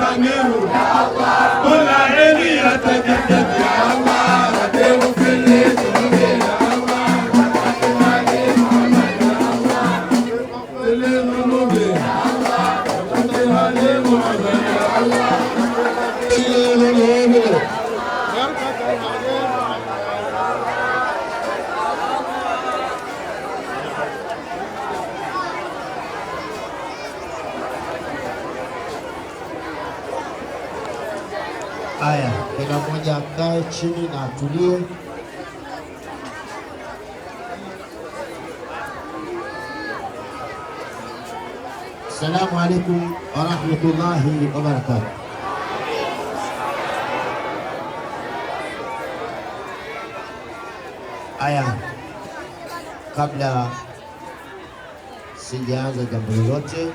نستمر كل عين يتجدد mmoja akae chini na atulie. Assalamu alaikum warahmatullahi wabarakatuh. Aya, kabla sijaanza jambo lolote,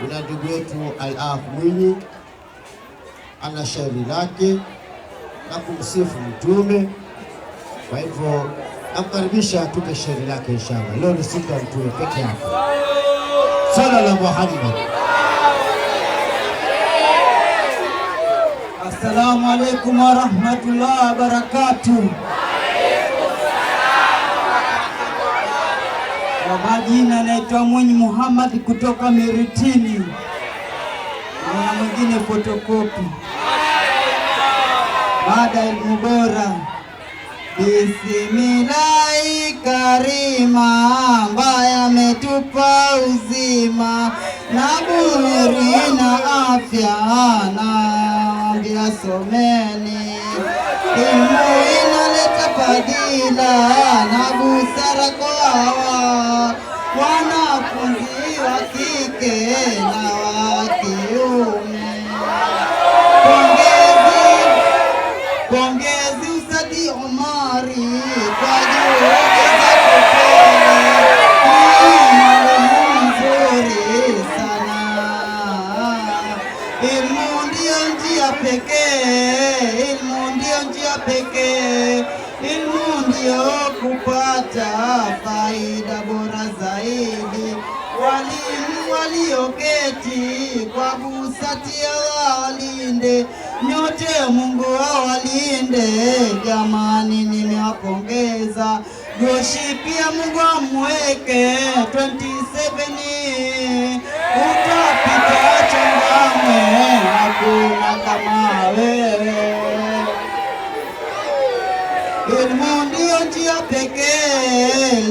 kuna ndugu yetu Al-Akh Mwinyi ana shairi lake na kumsifu Mtume. Kwa hivyo namkaribisha atupe shairi lake inshallah. Leo ni siku ya Mtume peke yake, sala la Muhammad. Assalamu alaikum wa rahmatullahi wa barakatuh. Kwa majina naitwa Mwinyi Muhammad kutoka Miritini, na mwingine fotokopi Mada elimu bora. Bismillahi karima ambaye ametupa uzima na buri na afya, naambia someni. Elimu inaleta fadhila na busara kwa walioketi kwa busati walinde, nyote Mungu awalinde. Jamani, nimewapongeza Goshi, pia Mungu amweke 27 utapita Changamwe, hakuna kama wewe. Elimu njia pekee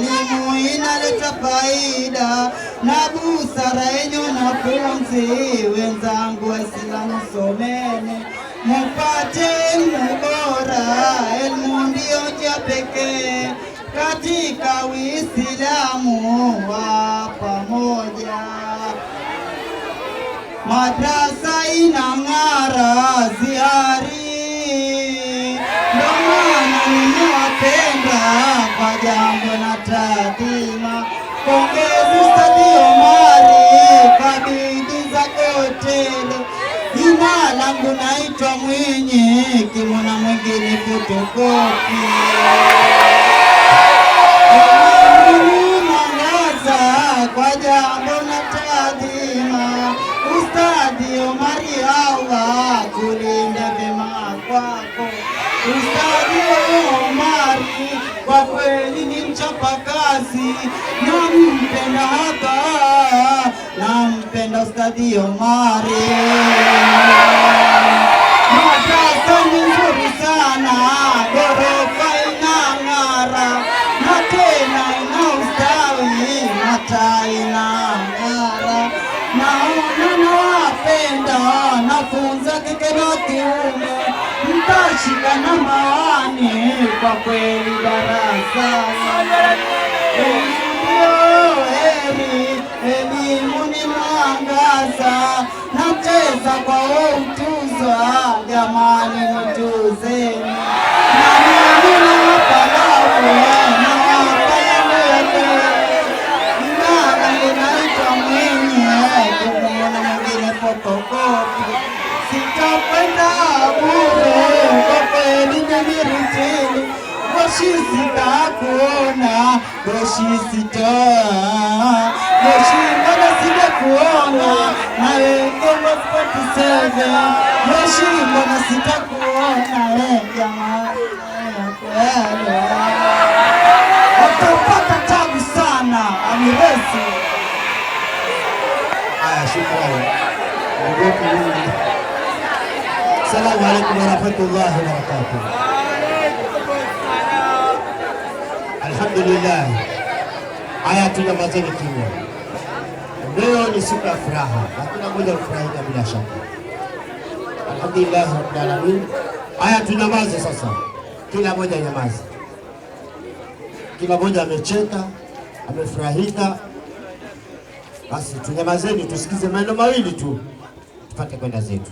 faida na busara yenye wanafunzi wenzangu Waislamu, someni mupate elimu bora. Elimu ndiyo njia pekee katika Uislamu wa pamoja. Madrasa inang'ara ziari, ndio ninawapenda kwa jambo na taadhima Pongezi Stadio Mari, kabidhi zake hoteli. Jina langu naitwa Mwinyi, kimona mwingine fotokopi mwangaza kwa jambo na taadhima. Ustadhi Omari hawa kulinda vema kwako Ustadhi Omari kwa kweli ni mchapa kazi, nampenda hapa, nampenda Ustadhi Omari Matata ni nzuri sana, gorofa inang'ara na tena ina ustawi, mata inang'ara, naona nawapenda, nafunza kikero kiume na mawani kwa kweli darasani. Heri elimu ni mwangaza, nacheza kwa wautuza jamani miruteni moshi sitakuona, moshi sitoa moshi, mbona sitakuona nawe Ngoma moshi, mbona sitakuona we jamaa, watapata tabu sana amivesi. Aya, shukrani. Salamu alaikum warahmatullahi wabarakatuh. alhamdulillah. Haya, tunyamazeni kimya. Leo ni siku ya furaha na kila kufurahika bila shaka, alhamdulillah rabbil alamin. Haya, tunyamaze sasa, kila moja nyamaze. Kila moja amecheka, amefurahika, basi tunyamazeni, tusikize maneno mawili tu tupate kwenda zetu.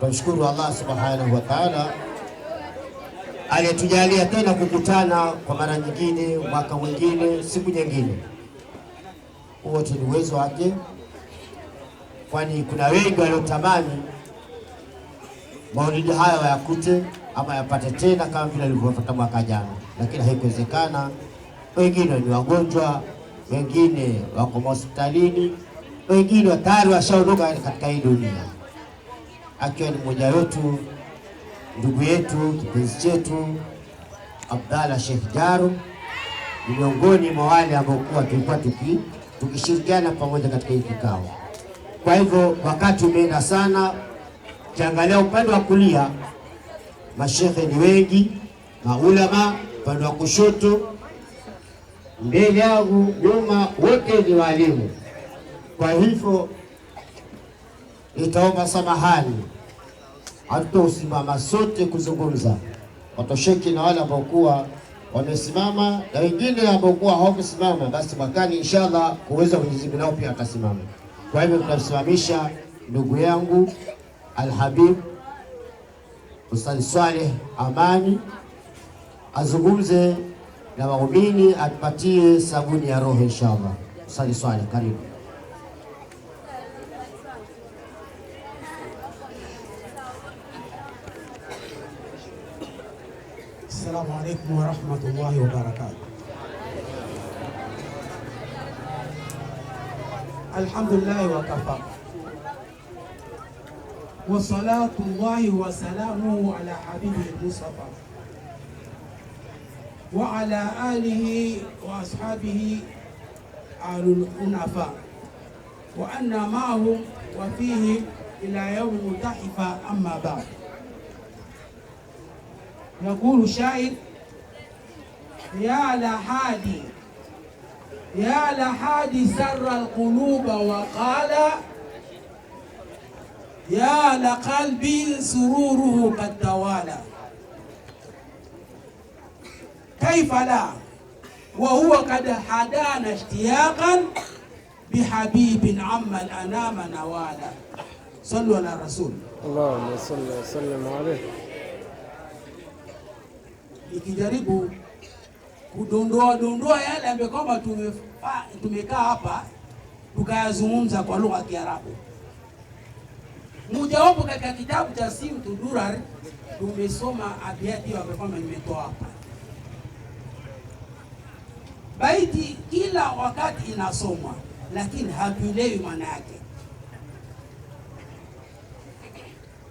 Tunamshukuru Allah subhanahu wa ta'ala aliyetujalia tena kukutana kwa mara nyingine, mwaka mwingine, siku nyingine. Wote ni uwezo wake, kwani kuna wengi waliotamani maulidi haya wayakute ama yapate tena kama vile alivyopata mwaka jana, lakini haikuwezekana. Wengine ni wagonjwa, wengine wako hospitalini, wengine tayari washaondoka katika hii dunia, akiwa ni mmoja wetu ndugu yetu kipenzi chetu Abdalla Sheikh jaru ni miongoni mwa wale ambao kuwa tulikuwa tuki, tukishirikiana pamoja katika hii kikao. Kwa hivyo wakati umeenda sana, kiangalia upande wa kulia mashehe ni wengi, maulama upande wa kushoto, mbele yangu, nyuma, wote ni walimu. Kwa hivyo nitaomba samahani hatutosimama sote kuzungumza, watosheki na wale ambao kuwa wamesimama na wengine ambao kuwa hawakusimama, basi mwakani inshallah kuweza Mwenyezi Mungu nao pia atasimama. Kwa hivyo tunamsimamisha ndugu yangu Alhabib Ustadh Swaleh Amani azungumze na waumini, atupatie sabuni ya roho inshallah. Ustadh Swaleh, karibu. السلام عليكم ورحمة الله وبركاته الحمد لله وكفى وصلاة الله وسلامه على حبيبه المصطفى وعلى آله وأصحابه آل الأنفاء وأن معهم وفيهم إلى يوم تحف أما بعد يقول الشاعر يا لحادي يا لحادي سر القلوب وقال يا لقلبي سروره قد توالى كيف لا وهو قد حدانا اشتياقا بحبيب عم الانام نوالا صلوا على الرسول اللهم صل وسلم عليه ikijaribu kudondoa dondoa yale ambayo kwamba tumekaa hapa tukayazungumza kwa lugha ya Kiarabu. Mojawapo katika kitabu cha Simtu Durar tumesoma abiati ambayo kwamba nimetoa hapa baiti, kila wakati inasomwa lakini hatuelewi maana yake.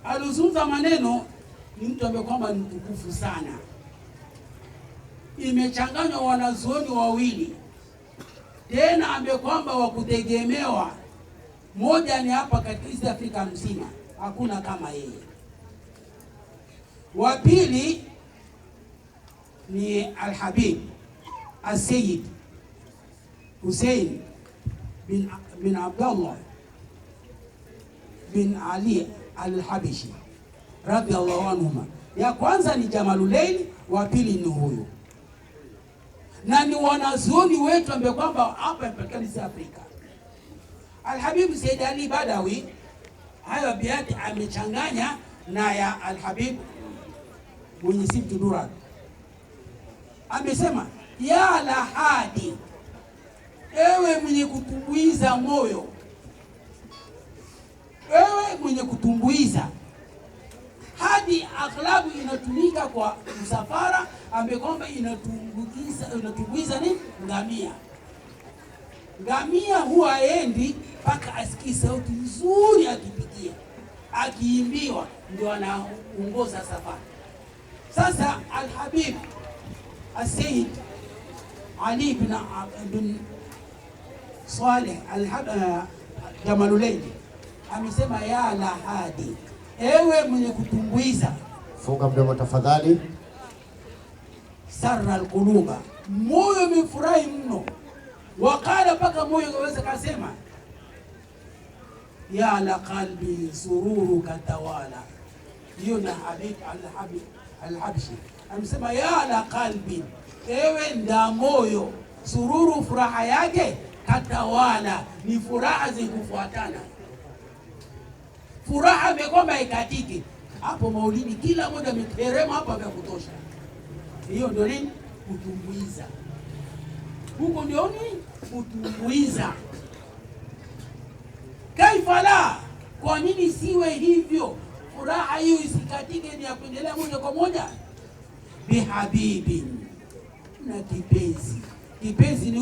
Alizungumza maneno ni mtu ambaye kwamba ni mtukufu sana imechanganywa wanazuoni wawili, tena ambe kwamba wakutegemewa moja ni hapa katika East Africa mzima, hakuna kama yeye. Wa pili ni Alhabib Asayid Hussein bin, bin Abdallah bin Ali Alhabishi radhiallahu anhuma. Ya kwanza ni Jamaluleili, wa pili ni huyu na ni wanazuoni wetu ambao kwamba hapa kabisa Afrika. Alhabibu Said Ali Badawi hayo abiati amechanganya na ya Alhabib mwenye Tun amesema, ya lahadi, ewe mwenye kutumbuiza moyo, ewe mwenye kutumbuiza klabu inatumika kwa msafara ambaye kwamba inatumbukiza inatumbuiza ni ngamia. Ngamia huwa aendi mpaka asikie sauti nzuri akipigia, akiimbiwa, ndio anaongoza safari. Sasa Alhabib Asayid Ali bin Saleh eh, Jamalulendi amesema ya lahadi, ewe mwenye kutumbuiza Funga mdomo tafadhali. Sarra alquluba, moyo umefurahi mno. Wakala mpaka moyo kaweza kasema ya la qalbi sururu katawala. Hiyo na Habib al-Habshi al amesema ya la qalbi, ewe nda moyo, sururu furaha yake katawala, ni furaha zikufuatana, furaha mekwamba ikatiki hapo maulidi, kila moja ameterema hapa vya kutosha. Hiyo ndio nini? Kutumbuiza huko ndio ni Kutumbuiza. la kwa nini siwe hivyo? Furaha hiyo isikatike, ni ya kuendelea moja kwa moja bihabibi na kipenzi. Kipenzi ni